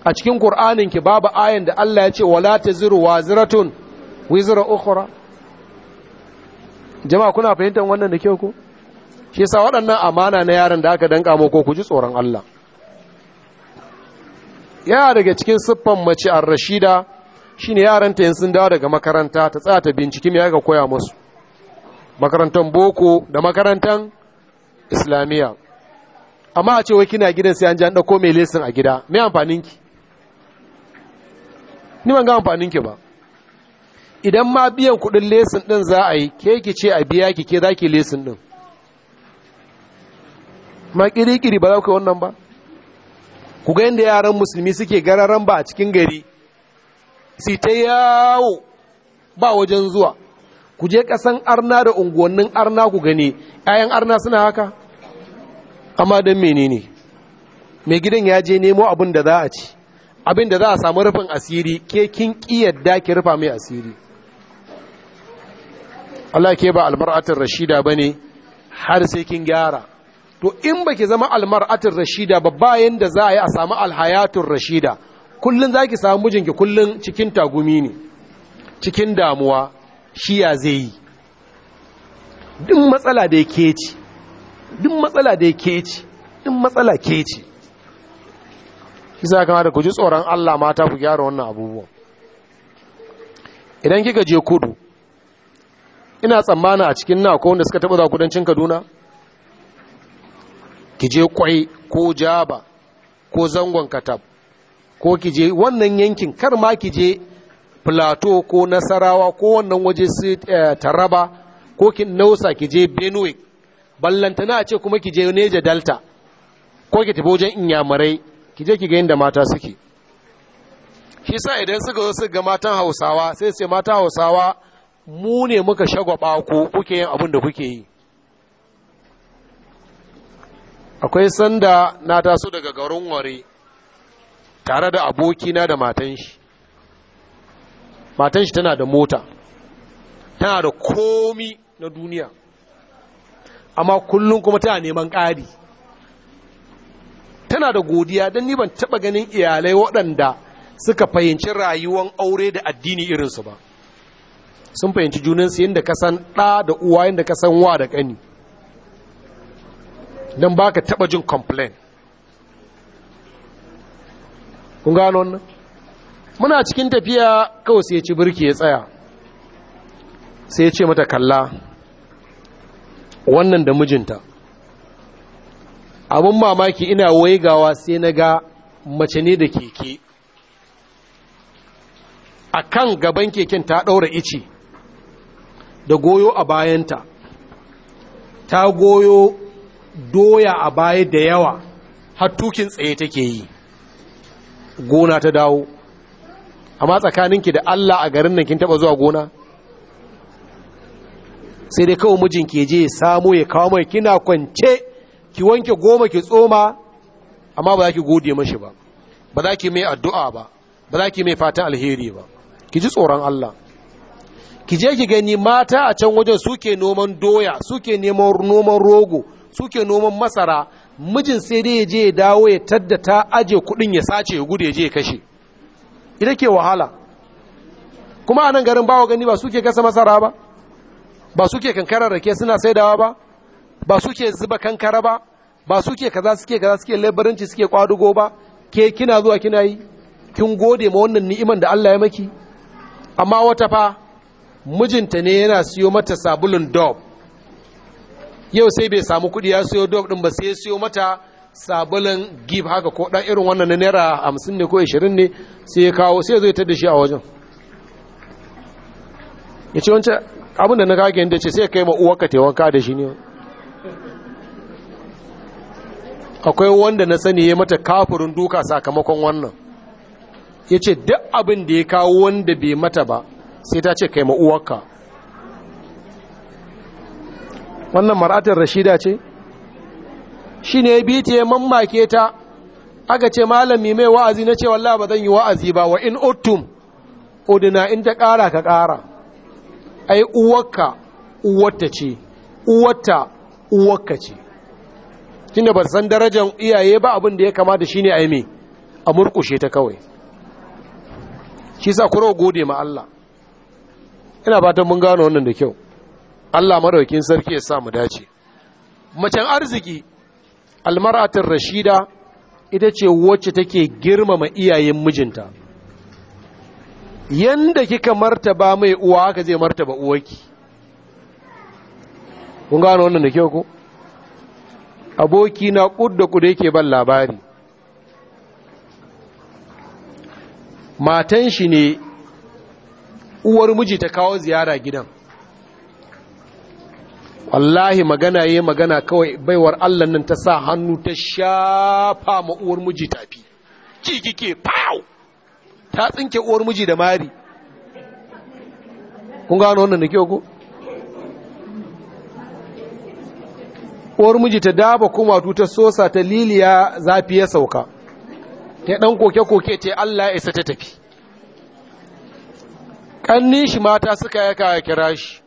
a cikin ƙur'anin ki babu ayan da Allah ya ce wala ta ziru wa ziratun wizira ukura jama'a kuna fahimtar wannan da kyau ko shi yasa waɗannan amana na yaron da aka danka ko ku ji tsoron Allah yana daga cikin siffan mace ar-rashida shine yaranta yin sun dawo daga makaranta ta tsaya ta binciki mai aka koya musu makarantar boko da makarantar islamiyya amma a cewa kina gidan sai an ji an ɗauko mai lesin a gida mai amfaninki ni ban ga amfaninki ba idan ma biyan kuɗin lesin ɗin za a yi ke ki ce a biya ki ke za ki lesin ɗin ma ƙiri-ƙiri ba za ku yi wannan ba ku ga yadda yaran musulmi suke gararan ba a cikin gari sai ta yawo ba wajen zuwa ku je kasan arna da unguwannin arna ku gani 'ya'yan arna suna haka amma don menene mai gidan ya je nemo abin da za a ci abin da za a samu rufin asiri ke kin kiyarda ki rufa mai asiri Allah ke ba almar'atin rashida ba ne har sai kin gyara to in baki zama almar'atin rashida ba bayan da za a yi a samu alhayatun rashida kullun ki samu mijinki kullun cikin tagumi ne cikin damuwa shi ya zai yi ɗin matsala da ya ci ɗin matsala da ya ci ɗin matsala ke ci kisa kama da ku ji tsoron Allah mata ku gyara wannan abubuwan idan kika je kudu ina tsammana a cikin na ko wanda suka taba za kudancin Kaduna ki je kwai ko jaba ko zangon katab ko ki je wannan yankin kar ma ki je plateau ko nasarawa ko wannan waje su eh, taraba ko ki nausa ki je benue ballantana a ce kuma ki je neja delta ko ki tafi wajen inyamurai ki je ki ga inda mata suke shi sa idan suka zo su ga matan hausawa sai sai mata hausawa mu ne muka shagwaba ko kuke yin abin da kuke yi akwai sanda na taso daga garin ware tare da abokina da matan shi matan shi tana da mota tana da komi na duniya amma kullum kuma tana neman ƙari tana da godiya don ni ban taɓa ganin iyalai waɗanda suka fahimci rayuwar aure da addini irinsu ba sun fahimci junansu yadda ka san ɗa da uwa yadda ka san wa da ƙani don ba ka taɓa jin complain kun gano wannan muna cikin tafiya kawai sai ya ci birki ya tsaya sai ya ce mata kalla wannan da mijinta abin mamaki ina waigawa sai na ga mace ne da keke a kan gaban keken ta ɗaura ice. da goyo a bayanta ta goyo doya a baya da yawa har tukin tsaye take yi gona ta dawo amma ki da Allah a garin nan kin taba zuwa gona sai dai kawai mijin ya je ya samu ya kawo mai kina kwance ki wanke goma ki tsoma amma ba za ki gode mashi ba ba za ki mai addu'a ba ba za ki mai fatan alheri ba ki ji tsoron Allah ki je ki gani mata a can wajen suke noman doya suke neman noman rogo suke noman masara mijin sai dai ya je ya dawo ya tadda ta aje kudin ya sace ya gudu ya je ya kashe ita ke wahala kuma a nan garin bawa gani ba suke kasa masara ba ba suke kankara rake suna saidawa ba ba suke zuba kankara ba ba suke kaza suke kaza suke labaranci suke kwadugo ba ke kina zuwa kina yi kin gode ma wannan ni'iman da Allah ya maki amma wata fa mijinta ne yana siyo mata sabulun dob yau sai bai samu kuɗi ya siyo dog din ba sai ya siyo mata sabulin gib haka ko Dan irin wannan na naira hamsin ne ko ashirin ne sai ya kawo sai zai ta da shi a wajen ya ce wancan abin da na kage inda ce sai kai ma uwa ka taimaka da shi ne akwai wanda na sani ya mata kafurin duka sakamakon wannan ya ce duk abin da ya kawo wanda bai mata ba sai ta ce kai ma uwarka wannan mar'atar rashida ce shi ne ya bi ta ya mammake ta aka ce malami mai wa'azi na ce wallah ba zan yi wa'azi ba wa in uttum odina in ta ƙara ka ƙara ai uwarka uwarta ce uwarta uwarka ce da ba san darajar iyaye ba abin da ya kamata shine ne aimi. a murkushe ta kawai shi sa kuro gode ma Allah ina fatan mun gano wannan da kyau Allah maraukin sarki ya sa mu dace macen arziki almaratar rashida ita ce wacce take girmama iyayen mijinta yanda kika martaba mai uwa haka zai martaba uwaki kun gano wannan da kyau ko aboki na kudda kudu yake ban labari matan shi ne uwar miji ta kawo ziyara gidan wallahi magana yi magana kawai baiwar allah nan ta sa hannu ta shafa ma uwar miji tafi ci kike pow ta tsinke uwar miji da mari kun gano wannan da kyau ku uwar miji ta daba kuma ta sosa ta liliya zafi ya sauka ta ɗan koke-koke ce Allah ya isa ta tafi ƙannin shi mata suka yaka ya kira shi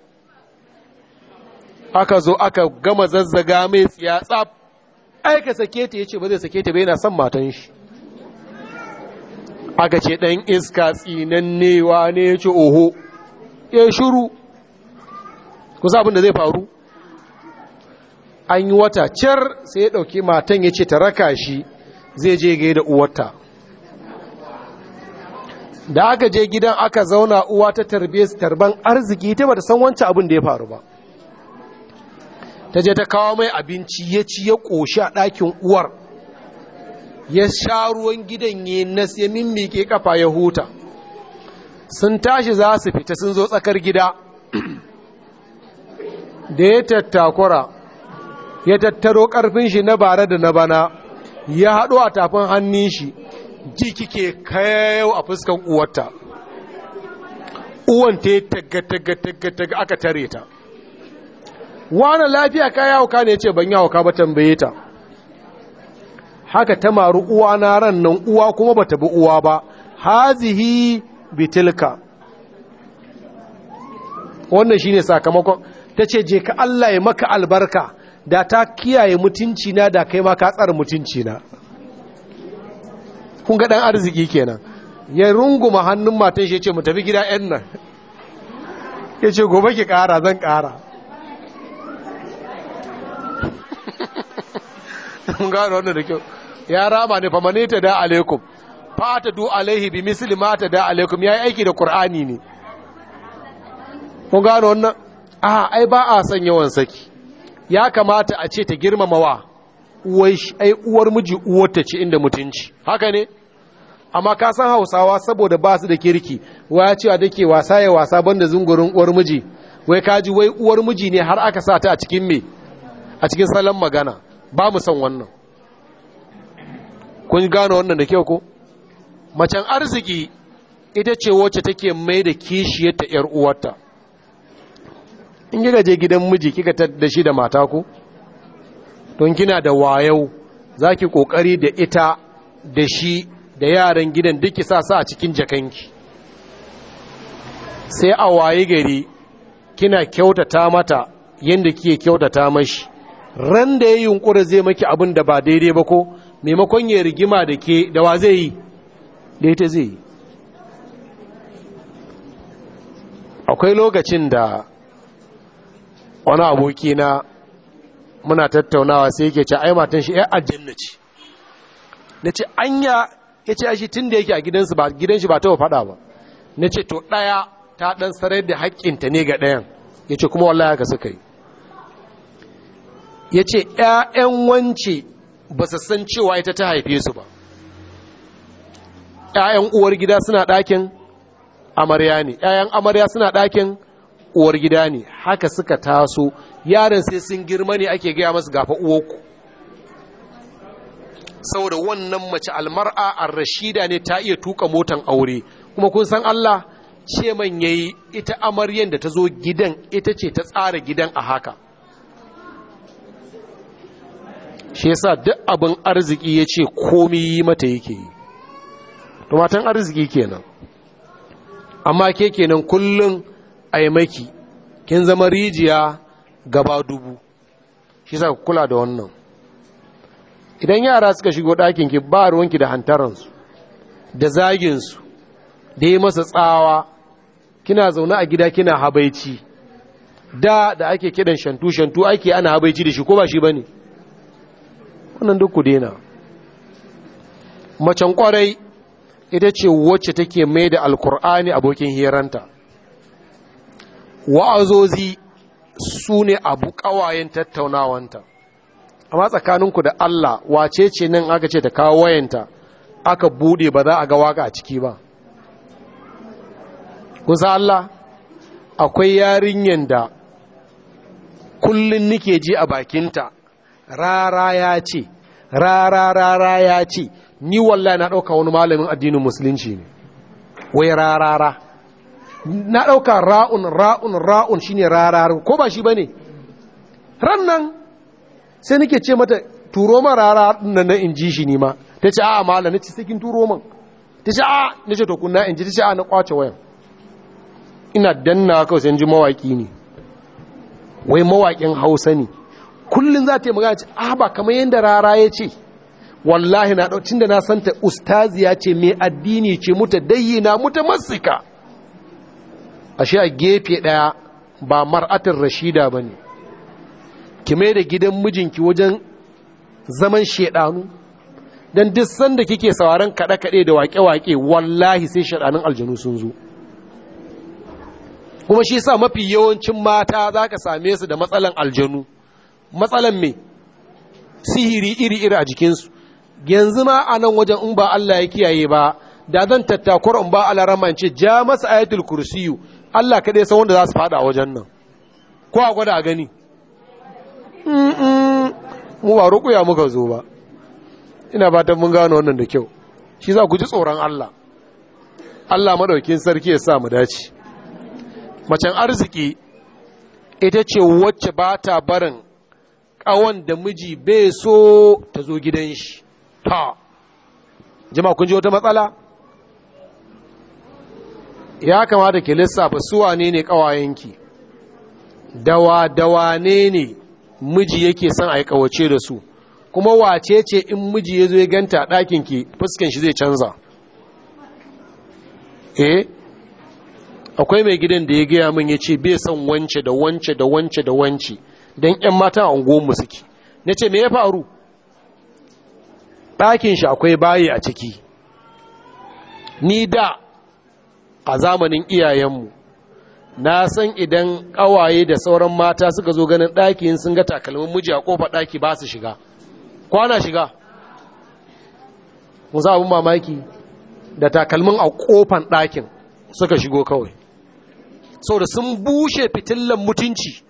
aka zo aka gama zazzaga mai tsiya tsaf aika sake ta yace ba zai sake ta ba yana son matan shi aka ce dan iska tsinanne ne yace oho ya shiru ku sa abin da zai faru an yi wata cer sai ya dauki matan yace ta raka shi zai je da uwarta da aka je gidan aka zauna uwa ta tarbe tarban arziki ta bata san wancan abin da ya faru ba ta je ta kawo mai abinci ya ci ya ƙoshi a ɗakin uwar ya sha ruwan gidan ya nas ya mimmike kafa ya huta sun tashi za su fita sun zo tsakar gida da ya tattakura ya tattaro ƙarfin shi na bara da na bana ya haɗo a tafin hannun shi ji kike kayayau a fuskan uwarta uwan ta yi taga-taga-taga aka tare ta wani lafiya ka yawo ka ne ce ban yawo ka ba tambaye ta haka ta maru uwa na ran nan uwa kuma ba ta bi uwa ba hazihi bitilka wannan shine sakamakon ta ce je ka Allah ya maka albarka da ta kiyaye mutunci na da kai ma ka tsara mutunci na kun ga dan arziki kenan ya runguma hannun matan shi ya ce mu tafi gida yan nan ya ce gobe ki kara zan kara mun gano wannan da kyau ya rama ne famane ta da alaikum fata du alaihi bi misli ma ta da alaikum yayi aiki da qur'ani ne mun gano wannan a ai ba a sanya yawan saki ya kamata a ce ta girmama wa uwai ai uwar miji uwar ta ce inda mutunci haka ne amma ka san hausawa saboda ba su da kirki waya cewa dake wasa ya wasa banda zungurin uwar miji wai kaji wai uwar miji ne har aka sa ta a cikin me a cikin salon magana ba mu son wannan kun gano wannan da kyau ko macen arziki ita ce wacce take mai da kishiyarta ‘yar uwarta in kika je gidan miji kika da shi da mata ko don kina da wayau za ki ƙoƙari da ita da shi da yaran gidan duk sa sa a cikin jakanki sai a waye gari kina kyautata mata yadda kike kyautata mashi ran da ya yi yunkura zai maki abin da ba daidai ba ko maimakon ya rigima da ke da wa zai yi da ita zai yi akwai lokacin da wani aboki na muna tattaunawa sai yake ce aimatan matan shi ai na ce na ce anya ya ce shi tun da yake a gidansu ba gidan ba ta faɗa ba na ce to ɗaya ta ɗan sarar da haƙƙinta ne ga ɗayan ya ce kuma wallaya haka suka yi ya ce ‘ya'yan wance ba su san cewa ita ta haife su ba ‘ya'yan uwar gida suna ɗakin amarya ne ‘ya'yan amarya suna ɗakin uwar gida ne haka suka taso yaran sai sun girma ne ake gaya masu gafa uwoku saboda wannan mace almar'a a rashida ne ta iya tuka motan aure kuma kun san Allah ce man yayi ita amaryan da ta zo gidan ita ce ta tsara gidan a haka shi yasa duk abin arziki ya ce komi yi mata yake yi tumatan arziki kenan amma ke kenan kullum a maki kin zama rijiya gaba dubu shi sa kula da wannan idan yara suka shigo ki ba ruwanki da hantaransu da zaginsu da yi masa tsawa kina zaune a gida kina habaici da da ake kiɗan shantu shantu ake ana habaici da shi ko ba shi ba ne wannan duk ku daina macen kwarai ita ce wacce take mai da alkur'ani abokin hiranta wa'azozi su ne abu ƙawayen tattaunawanta amma tsakaninku da Allah wace ce nan aka ce ta kawo wayanta aka bude ba za a ga waka a ciki ba kusa Allah akwai yarinyar da kullum nike ji a bakinta rara ya ce rara rara ya ce ni wallahi na ɗauka wani malamin addinin musulunci ne wai rarara na ɗauka ra'un ra'un ra'un shine rararun ko ba shi bane ran nan sai nake ce mata turo ma rara nan na ji shi ni ma ta ce a malam nace sai kin turo man ta ce a'a nace to kunna ji ta ce a na kwace wayan ina danna kawai sai ji mawaki ne wai mawakin Hausa ne kullum za ta yi magana ce ah ba kamar yadda rara ya ce wallahi na ɗaucin da na santa ustaziya ce mai addini ce muta dayyina muta A shi a gefe ɗaya ba mar'atar rashida ba ne ki mai da gidan mijinki wajen zaman shaɗanu don duk sanda kike sauraron kaɗe-kaɗe da waƙe-waƙe wallahi sai shaɗanun aljanu sun zo kuma shi sa mafi yawancin mata za ka same su da matsalan aljanu matsalan me sihiri iri-iri a jikinsu yanzu ma a nan wajen in ba Allah ya kiyaye ba da zan tattakwar in ba alarama ce ja masa ayatul kursiyu Allah kaɗai san wanda za su faɗa a wajen nan ko a gwada a gani mu ba rukuya muka zo ba ina ba mun gano wannan da kyau shi za ku ji tsoron Allah Allah maɗaukin sarki ya sa mu dace macen arziki ita ce wacce ba ta barin Ƙawon da miji bai so ta zo gidan shi ta jima kun ji wata matsala ya kamata ke lissafa suwa ne ne ƙawayenki dawa dawa ne ne miji yake son a yi ƙawace da su kuma wace ce in miji ya zo ya ganta ki, fuskan shi zai canza eh akwai mai gidan da ya gaya min ya ce bai son wance da wance da wance da wance don 'yan mata a unguwanmu suke na ce me ya faru ɗakin shi akwai bayi a ciki ni da a zamanin iyayenmu na san idan ƙawaye da sauran mata suka zo ganin ɗakin sun ga takalmin miji a ƙofa ɗaki ba su shiga kwana shiga mu za abin mamaki da takalmin a ƙofan ɗakin suka shigo kawai sau da sun bushe fitillan mutunci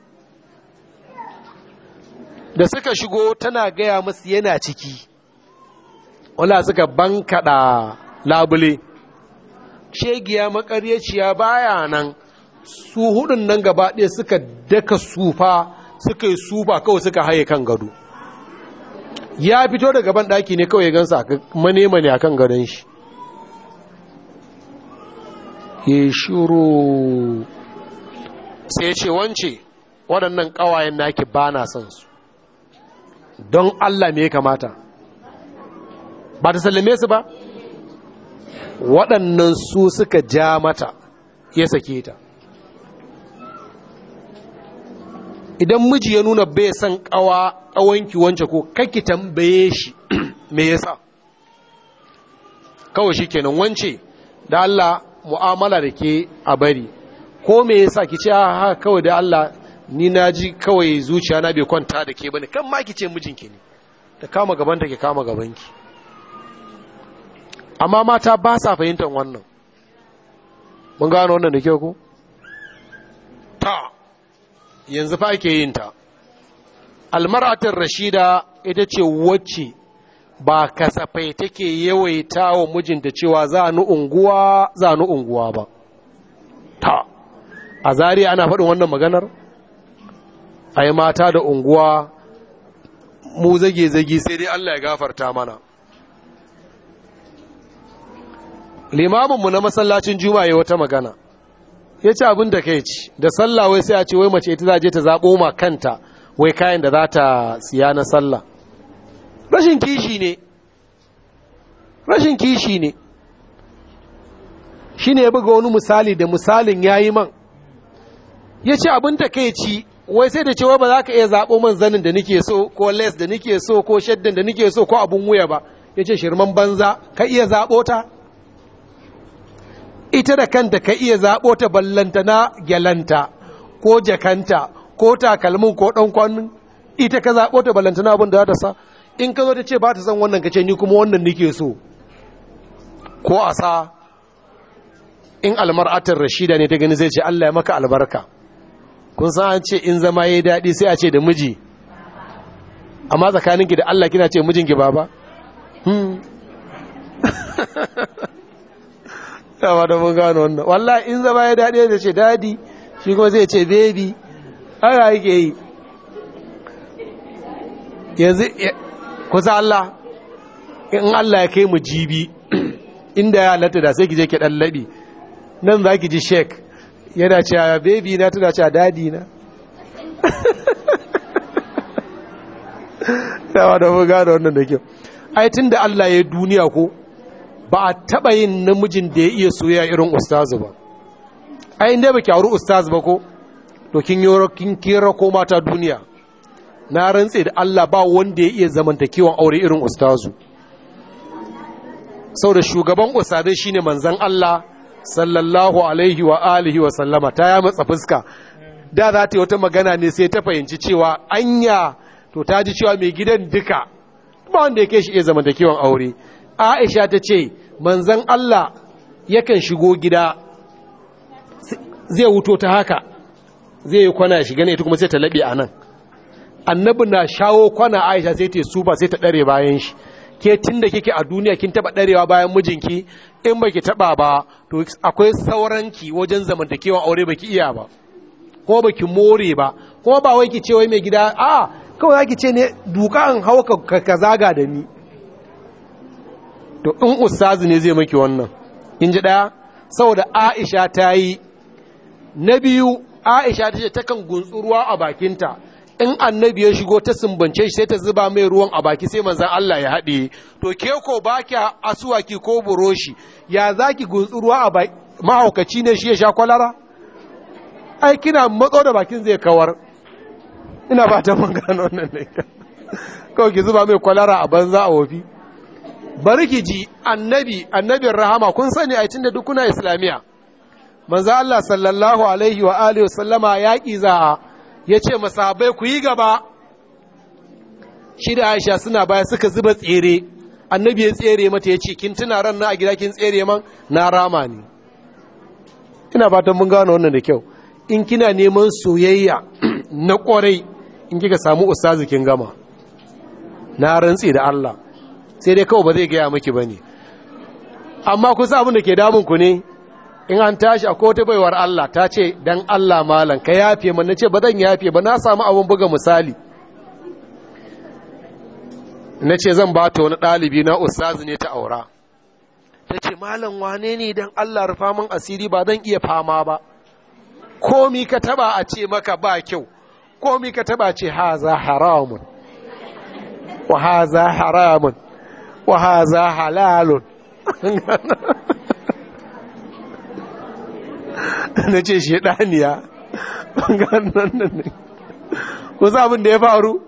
da suka shigo tana gaya musu yana ciki wala suka bankaɗa labule shegiya makaryaciya baya nan su hudun nan gaba ɗaya suka daka sufa suka yi sufa kawai suka haye kan gado ya fito daga banɗaki ne kawai gansa manema ne a kan gadon shi ya shiru sai ce wance waɗannan ƙawayen naki ba na son don Allah me ya kamata ba ta sallame su ba waɗannan su suka ja mata ya sake ta idan miji ya nuna bai san ƙawa ƙawanki wance ko kaki tambaye shi me yasa kawai shi kenan wance da Allah mu'amala da ke a bari ko me yasa ki ce haka kawai da Allah ni na ji kawai zuciya na bai kwanta da ke bane kan ma ki ce mijinki ne da kama gaban da ke kama gabanki amma mata ba sa fahimtar wannan mun gano wannan da kyau ko ta yanzu fa ake yin ta almar'atar rashida ita ce wacce ba kasafai take yawaita wa mijinta cewa za ni unguwa za unguwa ba ta a zari ana faɗin wannan maganar a yi mata da unguwa mu zage-zage sai dai Allah ya gafarta mana limaminmu na masallacin juma'a ya wata magana ya ce abin da kai ci da sallah wai sai a ce wai mace ita za je ta zaɓo ma kanta wai kayan da za ta siya na sallah rashin kishi ne rashin kishi ne shi ne ya buga wani misali da misalin ya yi man ya ce abin da kai ci wai sai da cewa ba za ka iya zaɓo man zanin da nike so ko les da nike so ko shaddan da nike so ko abun wuya ba ya ce shirman banza ka iya zaɓo ta ita da kanta ka iya zaɓo ta ballanta na gyalanta ko jakanta ko takalmin ko ɗan kwanin ita ka zaɓo ta ballanta na abin da ta sa in ka zo ta ce ba ta san wannan ka ce ni kuma wannan nike so ko a sa in almar'atar rashida ne ta gani zai ce Allah ya maka albarka kun san an ce in zama ya yi daɗi sai a ce da miji amma tsakaninki da Allah kina ce mijinki baba hmm ba da mun gano wannan wallahi in zama ya daɗi ya ce daɗi shi kuma zai ce baby ana yake yi yanzu kusa Allah in Allah ya kai mu jibi inda ya halatta da sai ki je ki ɗan laɓi. nan za ki ji shek yana cewa baby na tana cewa dadi na dawa da mu gano wannan da kyau ai tun da Allah ya duniya ko ba a taɓa yin namijin da ya iya soya irin ustazu ba ai inda ba kyawar ustazu ba ko to kin yi kin kira ko mata duniya na rantse da Allah ba wanda ya iya zamantakewan aure irin ustazu sau da shugaban ustazai shine manzan Allah sallallahu alaihi wa alihi wa sallama ta ya matsa fuska da za ta yi wata magana ne sai ta fahimci cewa anya to ta ji cewa mai gidan duka ba wanda ya kai shi iya kiwon aure aisha ta ce manzan allah yakan shigo gida zai wuto ta haka zai yi kwana shiga ne ita kuma sai ta laɓe a nan annabi na shawo kwana aisha sai ta su ba sai ta ɗare bayan shi ke tun da kike a duniya kin taɓa ɗarewa bayan mijinki in baki taba ba to akwai sauranki wajen zamantakewa aure baki iya ba ko baki more ba ko ba wai ki ce wai mai gida a kawai zaki ce ne duka in hau ka zaga da ni to in ustazi ne zai miki wannan in ji daya saboda Aisha ta yi na biyu Aisha ta ce takan gunsu ruwa a bakinta in annabi ya shigo ta sumbance shi sai ta zuba mai ruwan a baki sai manzan Allah ya haɗe to ke ko ba baki asuwaki ko buroshi ya ki gutsu ruwa a baki mahaukaci ne shi ya sha kwalara ai kina matso da bakin zai kawar ina ba ta mun gano wannan ne kawai ki zuba mai kwalara a banza a wofi bari ki ji annabi annabin rahama kun sani a tunda duk kuna islamiya manzan Allah sallallahu alaihi wa alihi wa sallama ƙi za a ya ce masabai ku yi gaba shi da aisha suna baya suka zuba tsere annabi ya tsere mata ya ce kin tuna ran na a gida kin tsere man na rama ne ina fatan mun gano wannan da kyau in kina neman soyayya na kwarai in kika samu ustazi kin gama na rantsi da Allah sai dai kawai ba zai gaya miki bane amma kusa abin da ke damun ku ne in an tashi a kota baiwar Allah ta ce don Allah malam ka yafe mana ce ba zan yafe ba na samu abin buga misali na ce zan ba ta wani ɗalibi na ustazi ne ta aura ta ce malam wane ne don Allah rufa min asiri ba zan iya fama ba komi ka taba a ce maka ba kyau komi ka taba ce haza haramun wa haza haramun wa haza halalun na ce shi ɗaniya sa abin da ya faru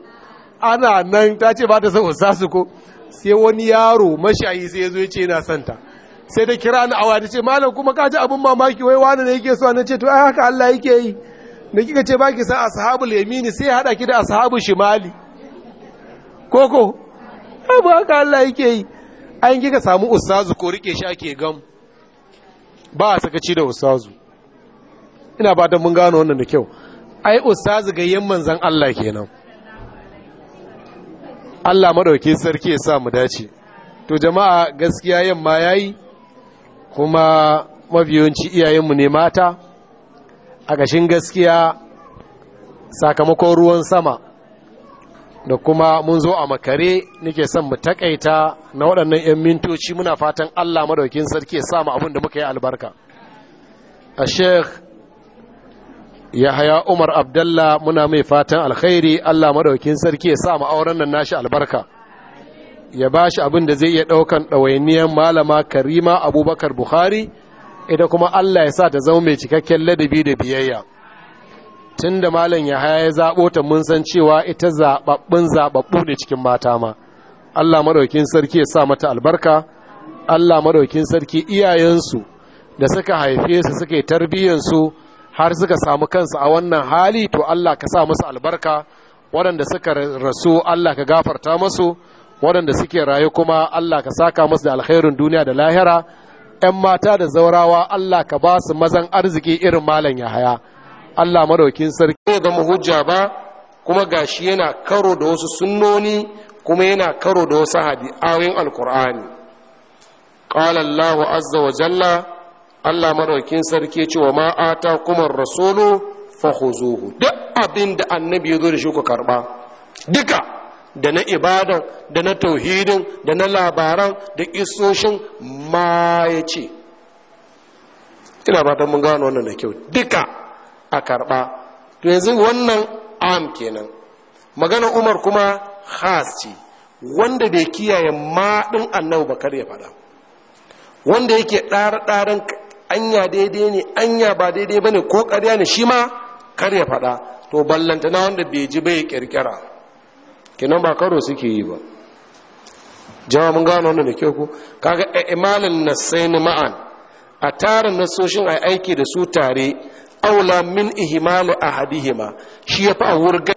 ana nan ta ce ba ta san su ko sai wani yaro mashayi sai ya zo ya ce yana santa sai da kira ni awa ta ce malam kuma ka ji abin mamaki wai wani ne yake so na ce to ai haka Allah yake yi na kika ce baki sa ashabul yamini sai hada ki da ashabul shimali koko abu haka Allah yake yi an kika samu ustazu ko rike shi ake gam ba a sakaci da ustazu ina ba mun gano wannan da kyau ai ustazu ga yin manzan Allah kenan Allah madauke sarki ya sa mu dace to jama'a gaskiya yamma yayi kuma mabiyanci iyayenmu ne mata a gashin gaskiya sakamakon ruwan sama da kuma mun zo a makare nake son mu takaita na waɗannan 'yan mintoci muna fatan Allah madaukin sarki ya samu abin da muka yi albarka a sheikh yahaya umar abdalla muna mai fatan alkhairi Allah madaukin sarki ya samu auren nan nashi albarka ya ba shi abin da zai iya ɗaukan ɗawainiyar malama karima abubakar buhari ita kuma Allah ya sa ta zama mai cikakken ladabi da biyayya tun da malam ya haya ya zaɓo ta mun san cewa ita zaɓaɓɓun zaɓaɓɓu ne cikin mata ma allah maɗaukin sarki ya sa mata albarka allah maɗaukin sarki iyayensu da suka haife su suka yi tarbiyyansu har suka samu kansu a wannan hali to allah ka sa musu albarka waɗanda suka rasu allah ka gafarta masu. waɗanda suke rayu kuma allah ka saka masu da alkhairin duniya da lahira 'yan mata da zaurawa allah ka ba su mazan arziki irin malam ya haya Allah maraukin sarki zai zama hujja ba kuma gashi yana karo da wasu sunnoni kuma yana karo da wasu hadi alkur'ani qala Allahu azza wa jalla Allah maraukin sarki ce wa ma ata kuma rasulu fakhuzuhu duk abin da annabi ya zo da shi ku karba duka da na ibadan da na tauhidin da na labaran da isoshin ma ya ina ba mun gano wannan da kyau duka a karɓa to yanzu wannan am kenan magana umar kuma khas ce wanda bai kiyaye maɗin annabu bakar ya faɗa wanda yake ɗar-ɗarin anya daidai ne anya ba daidai ba ne ko ƙarya ne shi ma kar ya faɗa to ballanta na wanda bai ji bai ƙirƙira kinan ba karo suke yi ba jama mun gano wannan da kyau ko kaga imalin nasaini ma'an a tarin nasoshin a aiki da su tare aula min ihmalu ahadihima shi ya fi a